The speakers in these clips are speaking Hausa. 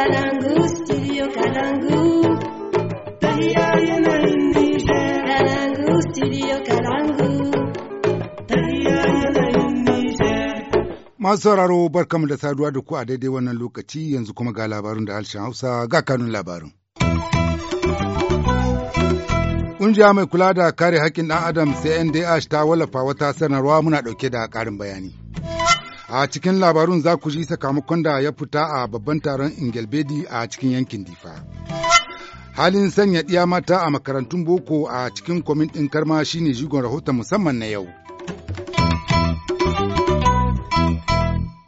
Karangu studio Niger. Karangu studio Niger. Masu sauraro barkamu da saduwa da ku a daidai wannan lokaci yanzu kuma ga labarin da harshen Hausa ga kanun labarin. Ƙungiya mai kula da kare haƙƙin ɗan Adam sai CNDH ta wallafa wata sanarwa muna ɗauke da ƙarin bayani. A cikin labarun za ku ji sakamakon da ya fita a babban taron Ingelbedi a cikin yankin Difa. Halin sanya ɗiya mata a makarantun boko a cikin Kwamitin karma shine jigon rahoton musamman na yau.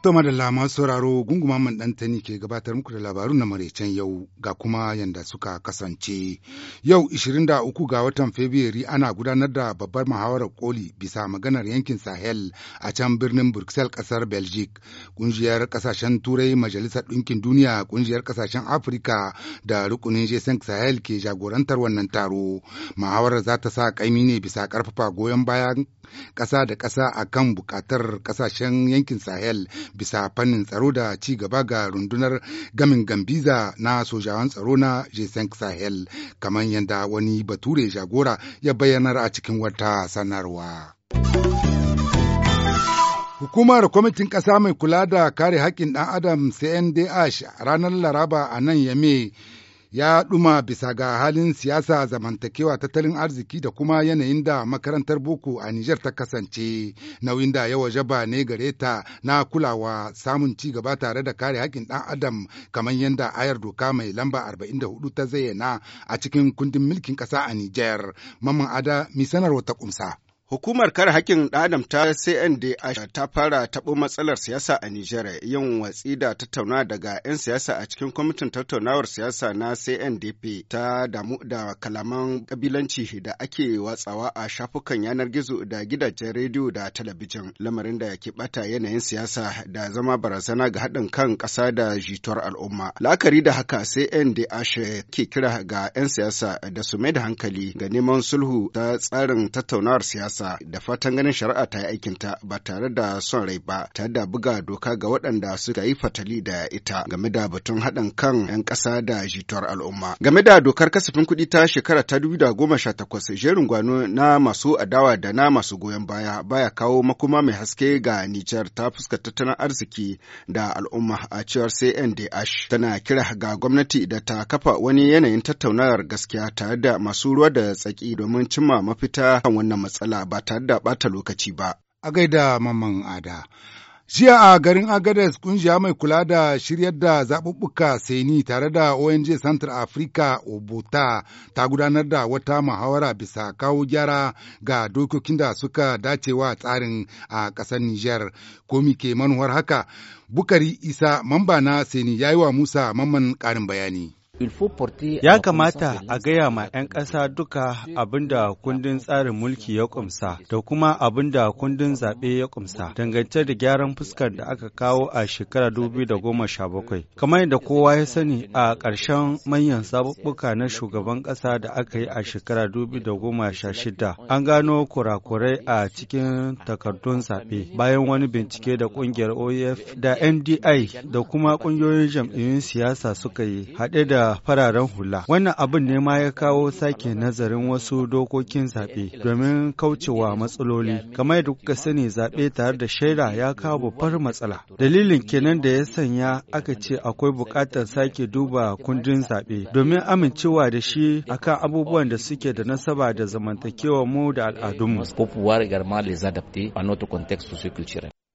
To da lama sauraro gunguma man tani ke gabatar muku da labarun na maraicen yau ga kuma yanda suka kasance. Yau 23 ga watan Fabrairu ana gudanar da babbar muhawarar koli bisa maganar yankin Sahel a can birnin Bruxelles ƙasar Belgique. Ƙungiyar kasashen Turai Majalisar Ɗinkin Duniya ƙungiyar kasashen Afirka da rukunin g Sahel ke jagorantar wannan taro. Muhawarar za ta sa kaini ne bisa karfafa goyon bayan ƙasa da ƙasa akan buƙatar kasashen yankin Sahel bisa fannin tsaro da ci gaba ga rundunar gamin gambiza na sojawan tsaro na g Sahel kamar yadda wani bature jagora ya bayyanar a cikin wata sanarwa. Hukumar kwamitin ƙasa mai kula da kare haƙƙin ɗan Adam CNDH ranar Laraba a nan Yame ya ɗuma bisa ga halin siyasa zamantakewa tattalin arziki da kuma yanayin da makarantar boko a Nijar ta kasance nauyin da yawa jaba ne gare ta na kulawa samun ci gaba tare da kare haƙƙin ɗan adam kamar yadda ayar doka mai lamba 44 ta zayyana a cikin kundin mulkin ƙasa a Nijar. Mamman Ada, mi sanarwa ta ƙumsa. Hukumar kar haƙƙin adam ta CNDH ta fara taɓo matsalar siyasa a Nijar yin watsi da tattauna daga 'yan siyasa a cikin kwamitin tattaunawar siyasa na CNDP ta damu da kalaman ƙabilanci da ake watsawa a shafukan yanar gizo da gidajen rediyo da talabijin lamarin da ke ɓata yanayin siyasa da zama barazana ga haɗin kan ƙasa da jituwar al'umma. La'akari da haka CNDH ke kira ga 'yan siyasa da su mai da hankali ga neman sulhu ta tsarin tattaunawar siyasa. ƙasa da fatan ganin shari'a ta yi aikinta ba tare da son rai ba tare da buga doka ga waɗanda suka yi fatali da ita game da batun haɗin kan 'yan ƙasa da jituwar al'umma. Game da dokar kasafin kuɗi ta shekara ta takwas, jerin gwano na masu adawa da na masu goyon baya baya kawo makoma mai haske ga Nijar ta fuska tattalin arziki da al'umma a cewar CNDH tana kira ga gwamnati da ta kafa wani yanayin tattaunawar gaskiya tare da masu ruwa da tsaki domin cimma mafita kan wannan matsala ba tare da ɓata lokaci ba. A gaida mamman ada. Jiya a garin Agadez kungiya mai kula da shiryar da zaɓuɓɓuka Seni tare da ONG Central Africa Obota ta gudanar da wata muhawara bisa kawo gyara ga dokokin da suka dacewa tsarin a ƙasar Nijar. Komi ke manuwar haka, Bukari Isa mamba na Seni ya yi wa Musa mamman ƙarin bayani. Ya kamata a gaya ma 'yan ƙasa duka abin da kundin tsarin mulki ya kumsa da kuma abin kundin zaɓe ya kumsa dangance da gyaran fuskar da aka kawo a shekarar 2017. Kamar yadda kowa ya sani a ƙarshen manyan zaɓuɓɓuka na shugaban ƙasa da aka yi a shekarar 2016 an gano kurakurai a cikin takardun zaɓe bayan wani bincike da ƙungiyar OEF da NDI da kuma ƙungiyoyin jam'iyyun siyasa suka yi haɗe da fararen hula. Wannan abin ne ma ya kawo sake nazarin wasu dokokin zaɓe domin kaucewa matsaloli. Kamar yadda kuka sani zaɓe tare da shaida ya kawo babbar matsala. Dalilin kenan da ya sanya aka ce akwai buƙatar sake duba kundin zaɓe domin amincewa da shi akan abubuwan da suke da nasaba da zamantakewar mu da al'adunmu.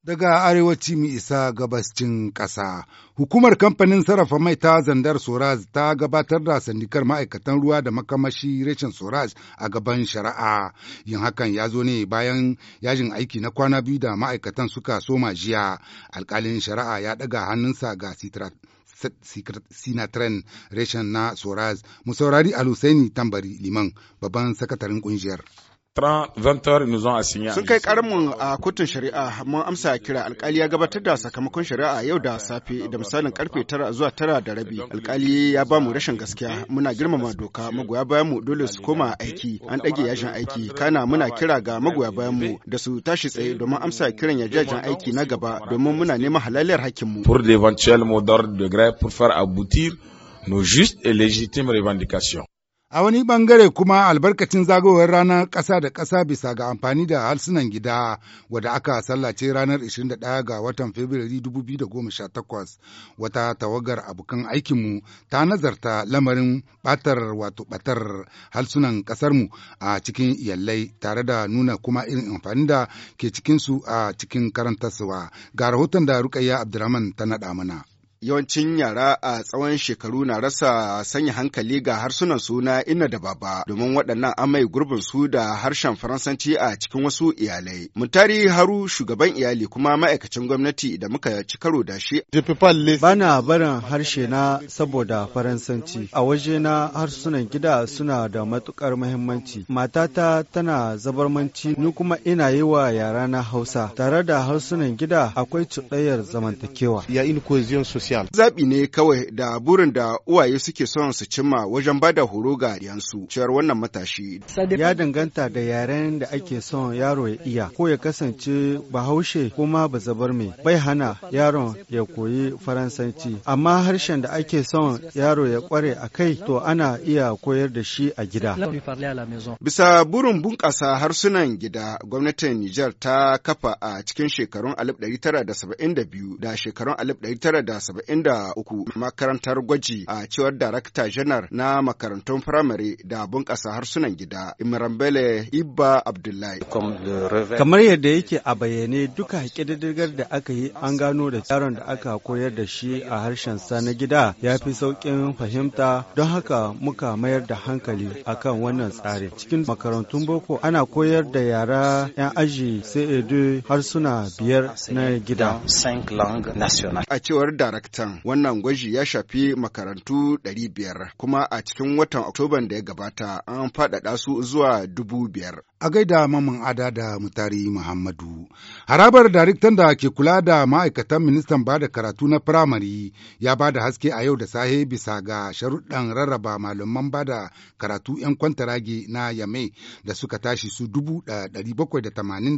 daga arewaci mu isa gabascin ƙasa. Hukumar kamfanin sarrafa mai ta zandar Soraz ta gabatar da sandikar ma'aikatan ruwa da makamashi reshen Soraz a gaban shari'a. Yin hakan ya zo ne bayan yajin aiki na kwana biyu da ma'aikatan suka soma jiya. Alƙalin shari'a ya ɗaga hannunsa ga Sinatren reshen na Soraz, musaurari Alusaini Tambari Liman, babban sakataren ƙungiyar. 20 ils nous ont assigné sun kai karamin a kotun shari'a mun amsa kira alkali ya gabatar da sakamakon shari'a yau da safe da misalin karfe 9 zuwa 9 da rabi alkali ya ba mu rashin gaskiya muna girmama doka magoya bayan mu dole su koma aiki an dage yashin aiki kana muna kira ga magoya bayan mu da su tashi tsaye domin amsa kiran yajajin aiki na gaba domin muna neman halaliyar hakkin mu pour l'éventuel mot d'ordre de grève pour faire aboutir nos justes et légitimes revendications A wani ɓangare kuma albarkacin zagayowar ranar ƙasa da ƙasa bisa ga amfani da harsunan gida wadda aka sallace ranar 21 ga watan Fabrairu 2018 wata tawagar abokan aikinmu ta nazarta lamarin ɓatar wato ɓatar harsunan ƙasarmu a cikin iyalai tare da nuna kuma irin amfani da ke cikinsu a cikin karantarsuwa ga rahoton da Rukayya Abdurrahman ta naɗa mana. yawancin yara a tsawon shekaru na rasa sanya hankali ga harsunan suna ina da baba domin waɗannan amai gurbin su da harshen faransanci a cikin wasu iyalai. Mutari Haru shugaban iyali kuma ma'aikacin gwamnati da muka ci karo da shi. Bana barin harshe na saboda faransanci a waje na harsunan gida suna da matukar muhimmanci. Matata tana zabarmanci ni kuma ina yi wa yara na Hausa tare da harsunan gida akwai cuɗayar zamantakewa. Ya in sosai. Martial. Zaɓi ne kawai da burin da uwaye suke son su cimma wajen bada horo ga yansu Ciyar wannan matashi. Ya danganta da yaren da ake son yaro ya iya ko ya kasance bahaushe kuma ma zabar mai bai hana yaron ya koyi faransanci amma harshen da ake son yaro ya kware a kai to ana iya koyar da shi a gida. Bisa burin bunƙasa harsunan gida gwamnatin Nijar ta kafa a cikin shekarun 1972 da shekarun 1973 43 makarantar gwaji a cewar darakta janar na makarantun firamare da bunƙasa harsunan gida imran bele ibba abdullahi kamar yadda yake a bayyane duka ƙididdigar da aka yi an gano da yaron da aka koyar da shi a harshen sa na gida ya fi sauƙin fahimta don haka muka mayar da hankali akan wannan tsarin cikin makarantun boko ana koyar da yara 'yan aji sai e harsuna biyar na gida a cewar darakta Wannan gwaji ya shafi makarantu 500 kuma a cikin watan Oktoban da ya gabata an faɗaɗa su zuwa 5,000. A gaida mamman ada da mutari Muhammadu. Harabar daraktan da ke kula da ma'aikatan ministan ba da karatu na firamare ya ba da haske a yau da sahe bisa ga sharuɗan rarraba malaman ba da karatu 'yan kwantarage na Yame da suka tashi su dubu da da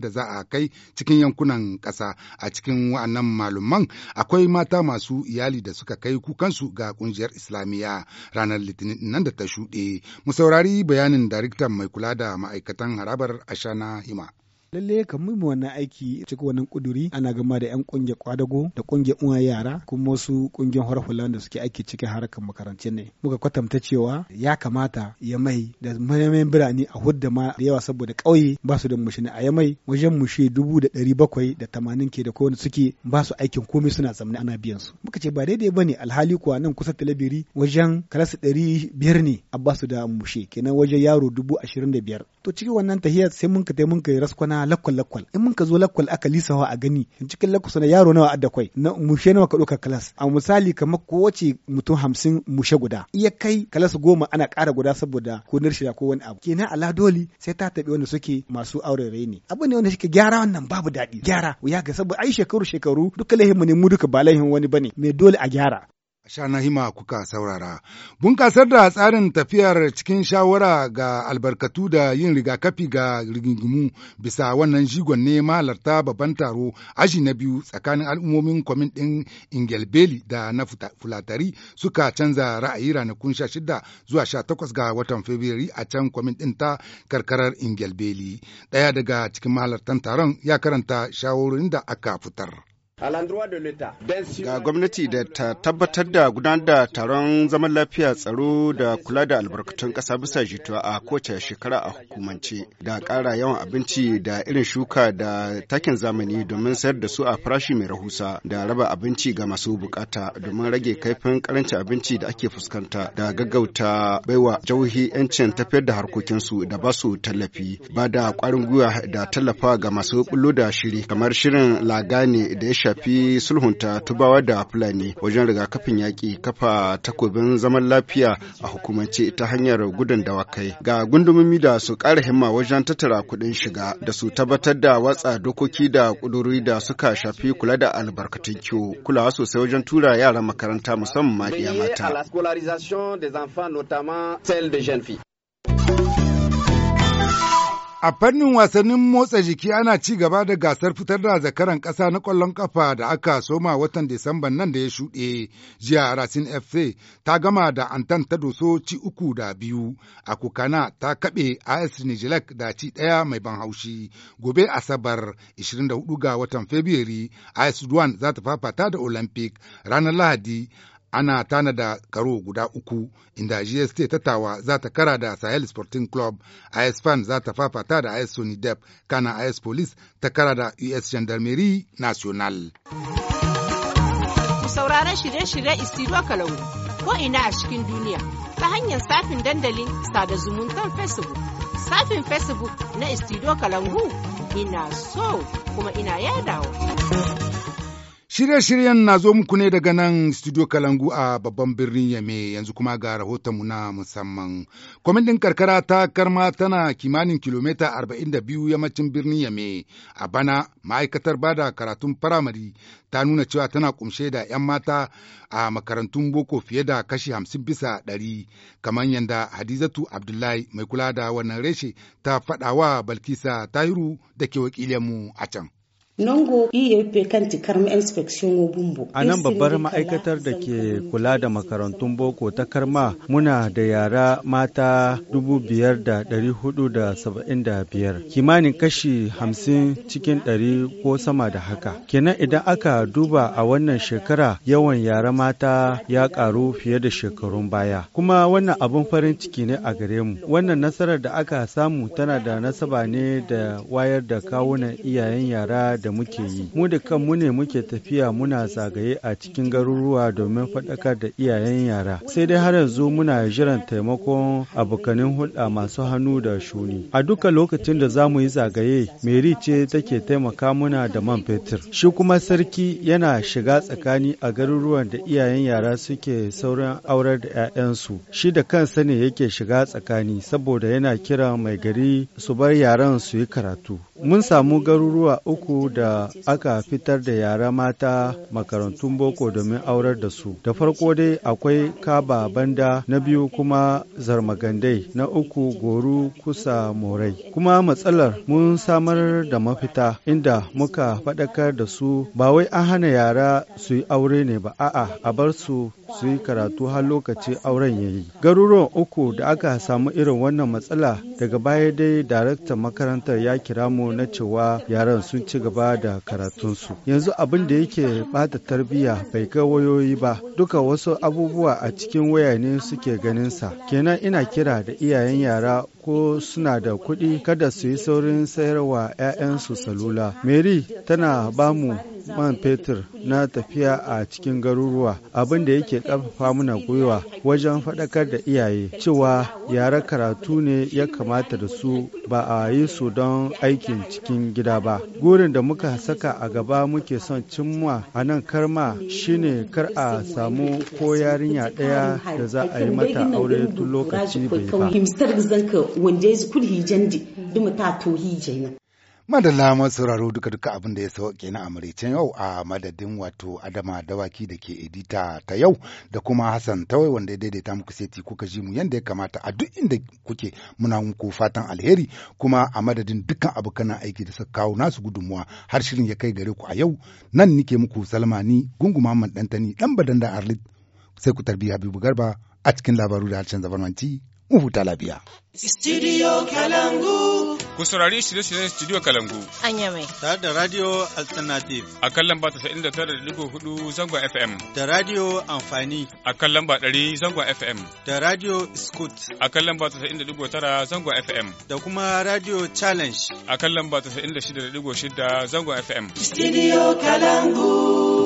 za a kai cikin yankunan ƙasa a cikin wa'annan malaman akwai mata masu iyali da suka kai kukansu ga kungiyar Islamiyya ranar Litinin nan da ta shuɗe. Mu saurari bayanin daraktan mai kula da ma'aikatan harabar Ashana Hima. lalle ka mu wannan aiki cikin wannan kuduri ana gama da yan kungiyar kwadago da kungiyar uwa yara kuma wasu kungiyar harfula da suke aiki cikin harkar makarantun ne muka kwatanta cewa ya kamata ya mai da mayan birane a hudda ma da yawa saboda ƙauye ba su da ne a yamai wajen mushe dubu da ɗari bakwai da tamanin ke da kowane suke ba su aikin komai suna zamani ana biyan su muka ce ba daidai ba ne alhali kuwa nan kusa talabiri wajen kalasa ɗari biyar ne a ba su da mushe kenan wajen yaro dubu ashirin da biyar to cikin wannan tahiyar sai mun ka taimaka ya raskwana lakwal lakwal in mun ka zo lakwal aka lisawa a gani cikin lakwal sana yaro nawa adda kwai na mushe nawa ka ɗauka kalas a misali kamar kowace mutum hamsin mushe guda iya kai kalas goma ana ƙara guda saboda ko shirya ko wani abu kenan ala doli sai ta taɓi wanda suke masu aurere ne abu ne wanda suke gyara wannan babu daɗi gyara ya ga saboda ai shekaru shekaru duka laihin mu ne mu duka ba lahin wani bane mai dole a gyara hima kuka saurara. Bunƙasar da tsarin tafiyar cikin shawara ga albarkatu da yin rigakafi ga rigingimu bisa wannan jigon ne mahalarta babban taro aji na biyu tsakanin al'ummomin kwamin ɗin Ingelbeli da na Fulatari suka canza ra'ayi ranakun sha shida zuwa sha takwas ga watan Fabrairu a can kwamin ɗin ta karkarar Ingelbeli. Ɗaya daga cikin mahalartan taron ya karanta shawarorin da aka fitar. Ga gwamnati da ta tabbatar da gudanar da taron zaman lafiya tsaro da kula da albarkatun ƙasa bisa jituwa a kowace shekara a hukumance da ƙara yawan abinci da irin shuka da takin zamani domin sayar da su a farashi mai rahusa da raba abinci ga masu bukata domin rage kaifin karancin abinci da ake fuskanta da gaggauta baiwa jauhi 'yancin tafiyar da harkokinsu da ba su tallafi ba da ƙwarin gwiwa da tallafa ga masu bullo da shiri kamar shirin lagane da ya shafi sulhunta tubawa da fulani wajen rigakafin yaƙi kafa takobin zaman lafiya a hukumance ta hanyar gudun dawakai ga gundumomi da su ƙara himma wajen tattara kuɗin shiga da su tabbatar da watsa dokoki da ƙuduri da suka shafi kula da albarkatun kiwo kulawa sosai wajen tura yara makaranta musamman ma mata. A fannin wasannin motsa jiki ana ci gaba da gasar fitar da zakaran ƙasa na ƙwallon ƙafa da aka soma watan Disamban nan da ya shuɗe jiya Racing FC ta gama da Antan ta doso ci uku da biyu, a Kukana ta kaɓe AS Nijilek da ci ɗaya mai ban haushi. Gobe Asabar 24 ga watan Fabrairu AS duan za ta fafata da Olympic ranar Lahadi ana tanada karo guda uku inda gst tattawa za ta kara da sahel sporting club is fan za ta fafata da is dep kana is police ta kara da us gendarmerie national sauraron shirye-shirye isiro kalau ko ina a cikin duniya ta hanyar safin dandalin sada zumuntar facebook safin facebook na isiro kalangu ina so kuma ina yadawa Shirye-shiryen na zo muku ne daga nan studio Kalangu a babban birnin Yame yanzu kuma ga rahotonmu na musamman. Kwamitin karkara ta Karma tana kimanin kilomita 42 yammacin birnin Yame a bana ma'aikatar bada karatun firamare ta nuna cewa tana kumshe da 'yan mata a makarantun boko fiye da kashi 50 bisa 100 kamar yadda Hadizatu Abdullahi mai kula da wannan reshe ta faɗawa Balkisa Tahiru da ke wakilinmu a can. nongo e karma inspection wo a nan babbar ma'aikatar da ke kula da makarantun boko ta karma muna da yara mata 5,475 kimanin kashi 50 cikin 100 ko sama da haka kenan idan aka duba a wannan shekara yawan yara mata ya karu fiye da shekarun baya kuma wannan abun farin ciki ne a gare mu wannan nasarar da aka samu tana da nasaba ne da wayar da kawunan iyayen yara da da muke yi mu da kanmu ne muke tafiya muna zagaye a cikin garuruwa domin faɗakar da iyayen yara sai dai har yanzu muna jiran taimakon abokanin hulɗa masu hannu da shuni a duka lokacin da za mu yi zagaye meri ce take taimaka muna da man fetur shi kuma sarki yana shiga tsakani a garuruwan da iyayen yara suke sauran aurar da 'ya'yansu shi da kansa ne yake shiga tsakani saboda yana kira mai gari su bar yaran su yi karatu mun samu garuruwa uku da da aka fitar da yara mata makarantun boko domin aurar da su. Da farko dai akwai kaba banda na biyu kuma zarmagandai na uku goru kusa morai. Kuma matsalar mun samar da mafita inda muka faɗakar da su ba wai an hana yara su yi aure ne ba a'a a bar su su yi karatu har lokaci auren ya yi garuruwan uku da aka samu irin wannan matsala daga baya dai daraktan makarantar ya kira mu na cewa yaran sun ci gaba da karatunsu yanzu abin da yake bada tarbiyya bai ga wayoyi ba duka wasu abubuwa a cikin waya ne suke ganinsa kenan ina kira da iyayen yara ko suna da kuɗi kada su yi saurin sayarwa 'ya'yansu salula mary tana bamu man fetur na tafiya a cikin garuruwa abin da yake ƙarfafa muna gwiwa wajen faɗakar da iyaye cewa yara karatu ne ya kamata da su ba a yi su don aikin cikin gida ba. Gurin da muka saka a gaba muke son cimma a nan karma shine kar a samu ko yarinya ɗaya da za a yi mata aure tun lokaci bai ba. Madalla sauraro duka duka abin da ya sauke kenan a maraicen yau a madadin wato Adama Dawaki da ke edita ta yau da kuma Hassan Tawai wanda ya daidaita muku seti kuka ji mu yanda ya kamata a duk inda kuke muna muku fatan alheri kuma a madadin dukkan abokan aiki da suka kawo nasu gudunmuwa har shirin ya kai gare ku a yau nan nike muku Salmani gunguma man dantani dan badan da Arlit sai ku tarbi Habibu Garba a cikin labaru da harshen zabarmanci mu Studio Kalangu. Ku saurari shirye-shiryen Studio Kalangu. Anya mai. Tare da Radio Alternative. A kan lamba tara da hudu zangon FM. Da Radio Amfani. A kan lamba ɗari zangon FM. Da Radio Scoot. A kan lamba tara zangon FM. Da kuma Radio Challenge. A kan lamba shida zangon FM. Studio Kalangu.